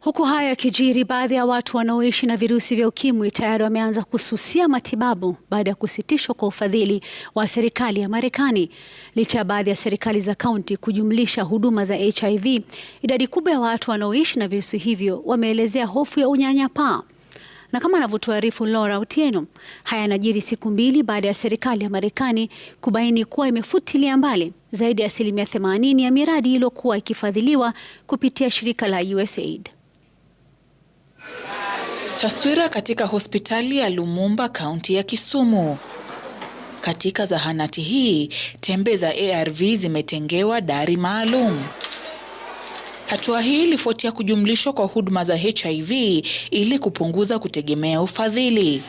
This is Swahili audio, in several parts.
Huku hayo yakijiri, baadhi ya watu wanaoishi na virusi vya ukimwi tayari wameanza kususia matibabu baada ya kusitishwa kwa ufadhili wa serikali ya Marekani. Licha ya baadhi ya serikali za kaunti kujumlisha huduma za HIV, idadi kubwa ya watu wanaoishi na virusi hivyo wameelezea hofu ya unyanyapaa. Na kama anavyotuarifu Laura Otieno, haya yanajiri siku mbili baada ya serikali ya Marekani kubaini kuwa imefutilia mbali zaidi ya asilimia 80 ya miradi iliyokuwa ikifadhiliwa kupitia shirika la USAID. Taswira katika hospitali ya Lumumba kaunti ya Kisumu. Katika zahanati hii, tembe za ARV zimetengewa dari maalum. Hatua hii ilifuatia kujumlishwa kwa huduma za HIV ili kupunguza kutegemea ufadhili.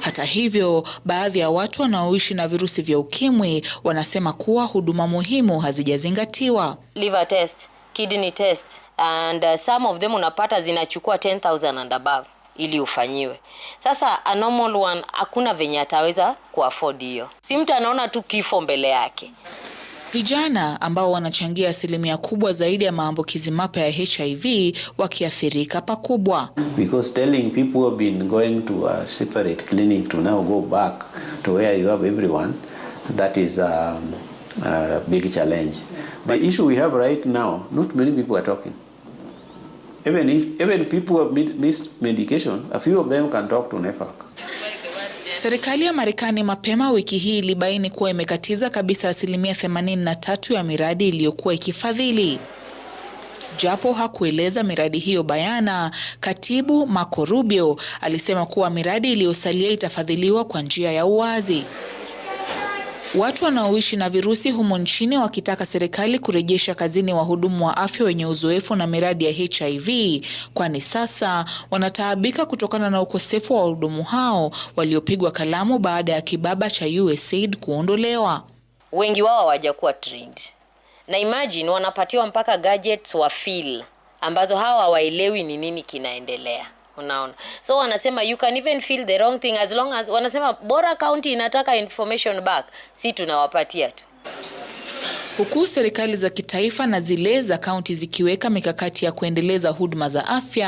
Hata hivyo, baadhi ya watu wanaoishi na virusi vya ukimwi wanasema kuwa huduma muhimu hazijazingatiwa. Liver test kidney test and uh, some of them unapata zinachukua 10000 and above ili ufanyiwe. Sasa a normal one hakuna venye ataweza kuafford hiyo, si mtu anaona tu kifo mbele yake. Vijana ambao wanachangia asilimia kubwa zaidi ya maambukizi mapya ya HIV wakiathirika pakubwa. Because telling people who have been going to a separate clinic to now go back to where you have everyone that is a, um, a big challenge. The issue we have right now, not many people are talking. Even if even people who have missed medication, a few of them can talk to NEFAC. Serikali ya Marekani mapema wiki hii ilibaini kuwa imekatiza kabisa asilimia 83 ya miradi iliyokuwa ikifadhili. Japo hakueleza miradi hiyo bayana, Katibu Marco Rubio alisema kuwa miradi iliyosalia itafadhiliwa kwa njia ya uwazi. Watu wanaoishi na virusi humo nchini wakitaka serikali kurejesha kazini wahudumu wa afya wenye uzoefu na miradi ya HIV, kwani sasa wanataabika kutokana na ukosefu wa wahudumu hao waliopigwa kalamu baada ya kibaba cha USAID kuondolewa. Wengi wao hawajakuwa trained. Na imagine wanapatiwa mpaka gadgets wa feel ambazo hawa hawaelewi ni nini kinaendelea. Unaona, so wanasema you can even feel the wrong thing as long as wanasema bora county inataka information back, si tunawapatia tu huku serikali za kitaifa na zile za kaunti zikiweka mikakati ya kuendeleza huduma za afya